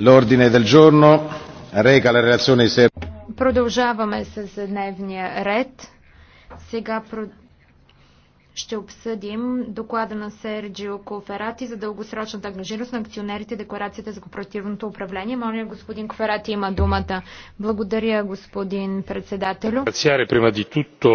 L'ordine del giorno reca la relazione di Продължаваме с дневния ред. Сега про... ще обсъдим доклада на Серджио Коферати за дългосрочната ангажираност на акционерите декларацията за кооперативното управление. Моля, господин Коферати има думата. Благодаря, господин председателю.